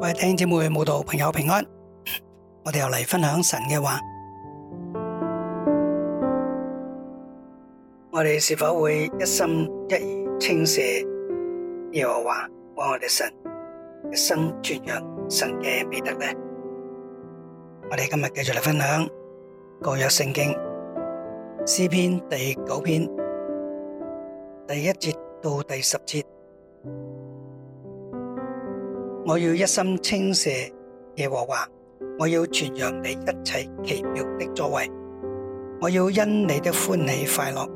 各位弟兄姊妹、慕道朋友平安，我哋又嚟分享神嘅話。我哋是否會一心一意稱謝耶和華和我哋神一生傳揚神嘅美德呢？我哋今日繼續嚟分享舊約聖經詩篇第九篇第一節到第十節。我要一心稱謝耶和華，我要傳揚你一切奇妙的作為。我要因你的歡喜快樂，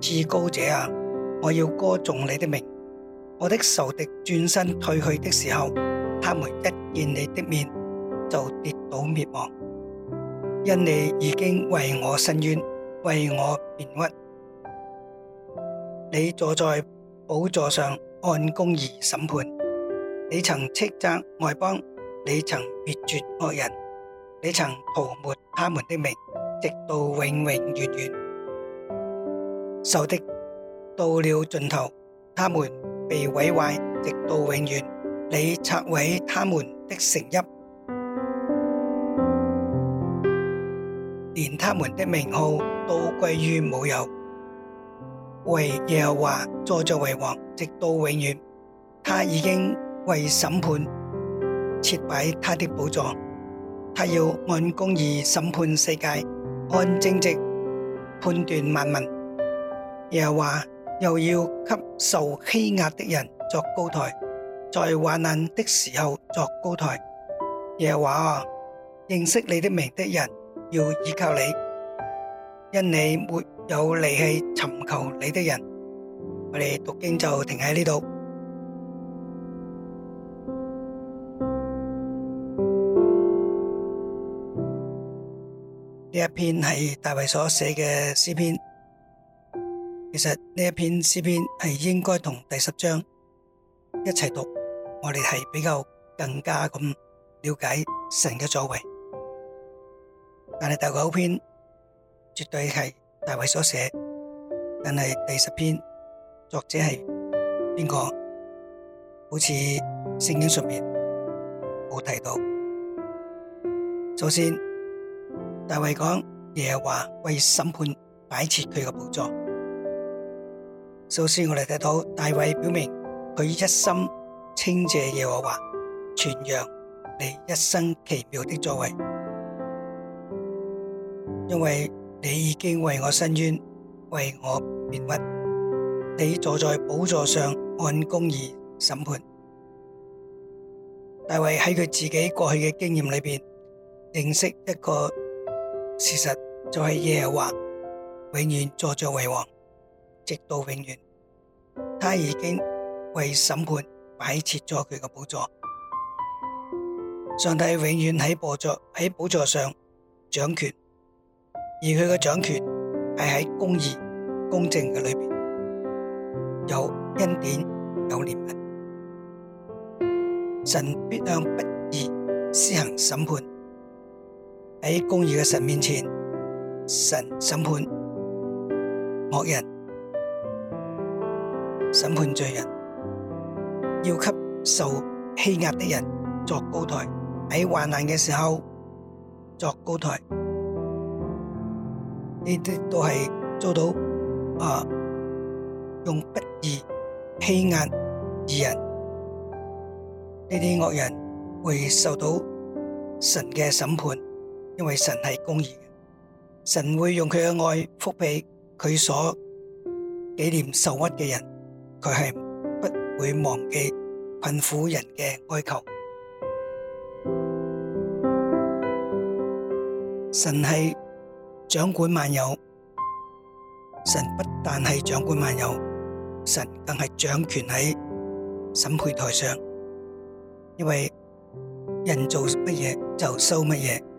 至高者啊，我要歌頌你的名。我的仇敵轉身退去的時候，他們一見你的面就跌倒滅亡。因你已經為我伸冤，為我辯屈。你坐在寶座上按公義審判。你曾斥責外邦，你曾滅絕惡人，你曾塗抹他們的名，直到永永遠遠。仇敵到了盡頭，他們被毀壞，直到永遠。你拆毀他們的城邑，連他們的名號都歸於無有。為耶和華坐着為王，直到永遠。他已經。為審判設擺他的寶座，他要按公義審判世界，按正直判斷萬民。耶和華又要給受欺壓的人作高臺，在患難的時候作高臺。耶和華啊，認識你的名的人要倚靠你，因你沒有離棄尋求你的人。我哋讀經就停喺呢度。呢一篇係大衛所寫嘅詩篇，其實呢一篇詩篇係應該同第十章一齊讀，我哋係比較更加咁了解神嘅作為。但係第九篇絕對係大衛所寫，但係第十篇作者係邊個？好似聖經上面冇提到。首先。大衛講耶和華為審判擺設佢嘅寶座。首先我哋睇到大衛表明佢一心稱謝耶和華，傳揚你一生奇妙的作為，因為你已經為我伸冤，為我辨屈，你坐在寶座上按公義審判。大衛喺佢自己過去嘅經驗裏邊認識一個。事實就係耶和華永遠坐著為王，直到永遠。他已經為審判擺設咗佢嘅寶座。上帝永遠喺寶座喺寶座上掌權，而佢嘅掌權係喺公義、公正嘅裏邊，有恩典，有憐憫。神必向不義施行審判。喺公義嘅神面前，神審判惡人，審判罪人，要給受欺壓的人作高台，喺患難嘅時候作高台。呢啲都係遭到啊！用不義欺壓義人，呢啲惡人會受到神嘅審判。因為神係公義，神會用佢嘅愛覆庇佢所紀念受屈嘅人，佢係不會忘記困苦人嘅哀求。神係掌管萬有，神不但係掌管萬有，神更係掌權喺審判台上，因為人做乜嘢就收乜嘢。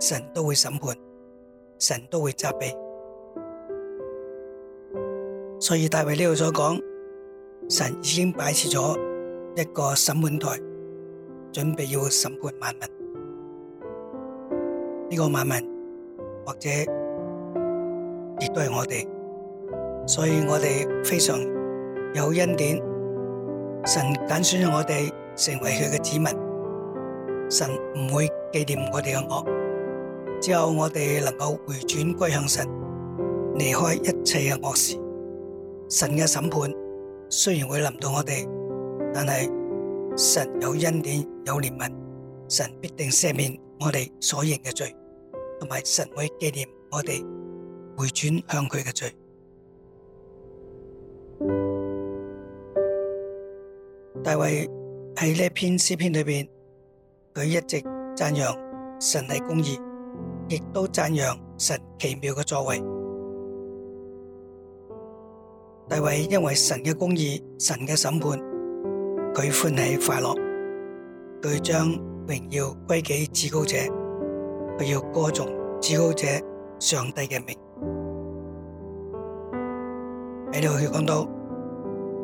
神都會審判，神都會責備，所以大衛呢度所講，神已經擺設咗一個審判台，準備要審判萬民。呢個萬民或者亦都係我哋，所以我哋非常有恩典，神揀選咗我哋成為佢嘅子民，神唔會紀念我哋嘅惡。之後我哋能夠回轉歸向神，離開一切嘅惡事。神嘅審判雖然會臨到我哋，但係神有恩典有憐憫，神必定赦免我哋所認嘅罪，同埋神會紀念我哋回轉向佢嘅罪。大衛喺呢篇詩篇裏邊，佢一直讚揚神係公義。亦都讚揚神奇妙嘅作為，大衛因為神嘅公義、神嘅審判，佢歡喜快樂，佢將榮耀歸己至高者，佢要歌頌至高者、上帝嘅名。喺度佢講到，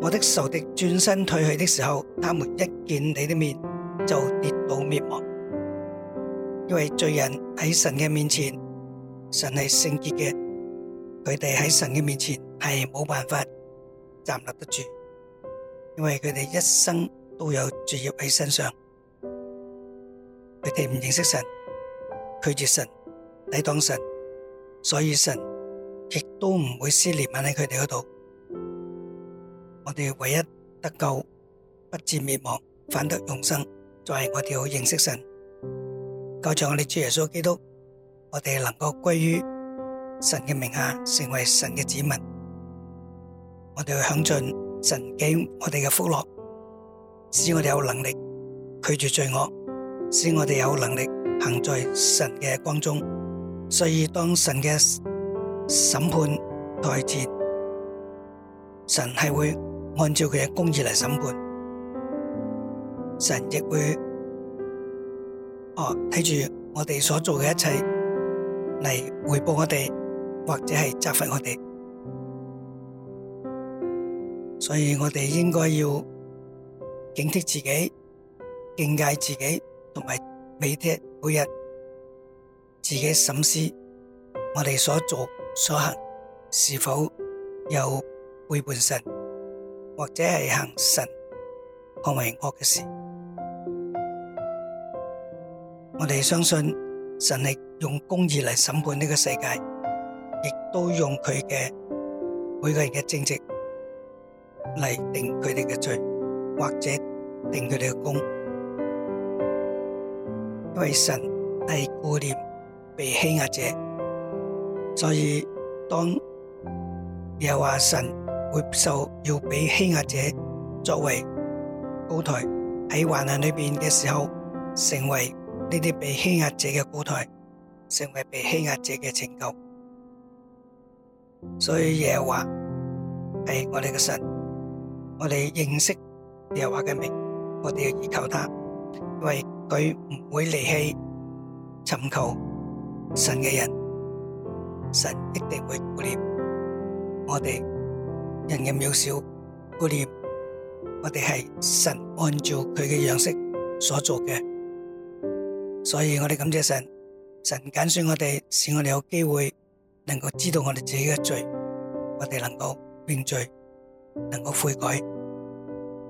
我的仇敵轉身退去的時候，他們一見你的面就跌倒滅亡。因為罪人喺神嘅面前，神係聖潔嘅，佢哋喺神嘅面前係冇辦法站立得住，因為佢哋一生都有罪業喺身上，佢哋唔認識神，拒絕神，抵擋神，所以神亦都唔會撕裂埋喺佢哋嗰度。我哋唯一得救、不至滅亡、反得永生，就係我哋要認識神。就像我哋主耶穌基督，我哋能夠歸於神嘅名下，成為神嘅子民，我哋會享盡神俾我哋嘅福樂，使我哋有能力拒絕罪惡，使我哋有能力行在神嘅光中。所以當神嘅審判台前，神係會按照佢嘅公義嚟審判，神亦會。哦，睇住我哋所做嘅一切嚟回報我哋，或者係責罰我哋，所以我哋應該要警惕自己、警戒自己，同埋每天每日自己審視我哋所做所行是否有背叛神，或者係行神行為惡嘅事。我哋相信神係用公義嚟審判呢個世界，亦都用佢嘅每個人嘅正直嚟定佢哋嘅罪，或者定佢哋嘅功。因為神係顧念被欺壓者，所以當又話神會受要俾欺壓者作為高台喺患難裏邊嘅時候，成為。呢啲被欺壓者嘅舞台，成為被欺壓者嘅拯救。所以耶和華係我哋嘅神，我哋認識耶和華嘅名，我哋要倚靠他，因為佢唔會離棄尋求神嘅人，神一定會顧念我哋人嘅渺小，顧念我哋係神按照佢嘅樣式所做嘅。所以我哋感謝神，神揀選我哋，使我哋有機會能夠知道我哋自己嘅罪，我哋能夠認罪，能夠悔改，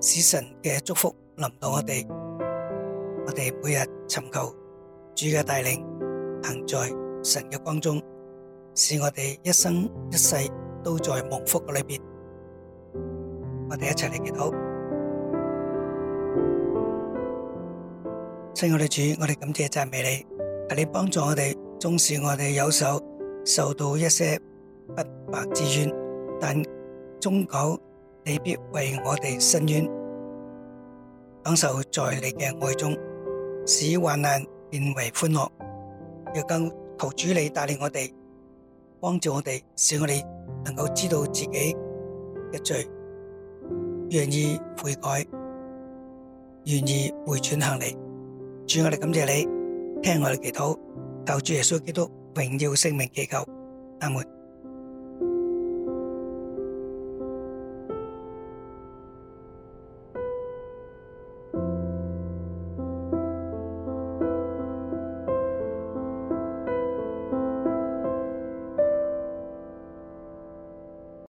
使神嘅祝福臨到我哋。我哋每日尋求主嘅帶領，行在神嘅光中，使我哋一生一世都在蒙福嘅裏邊。我哋一齊嚟祈禱。親愛嘅主，我哋感謝讚美你，係你幫助我哋，縱使我哋有時候，受到一些不白之冤，但終究你必為我哋伸冤，享受在你嘅愛中，使患難變為歡樂。又更求主你帶領我哋，幫助我哋，使我哋能夠知道自己嘅罪，願意悔改，願意回轉向你。主，我哋感謝你聽我哋祈禱，求主耶穌基督榮耀聖名祈求，阿門。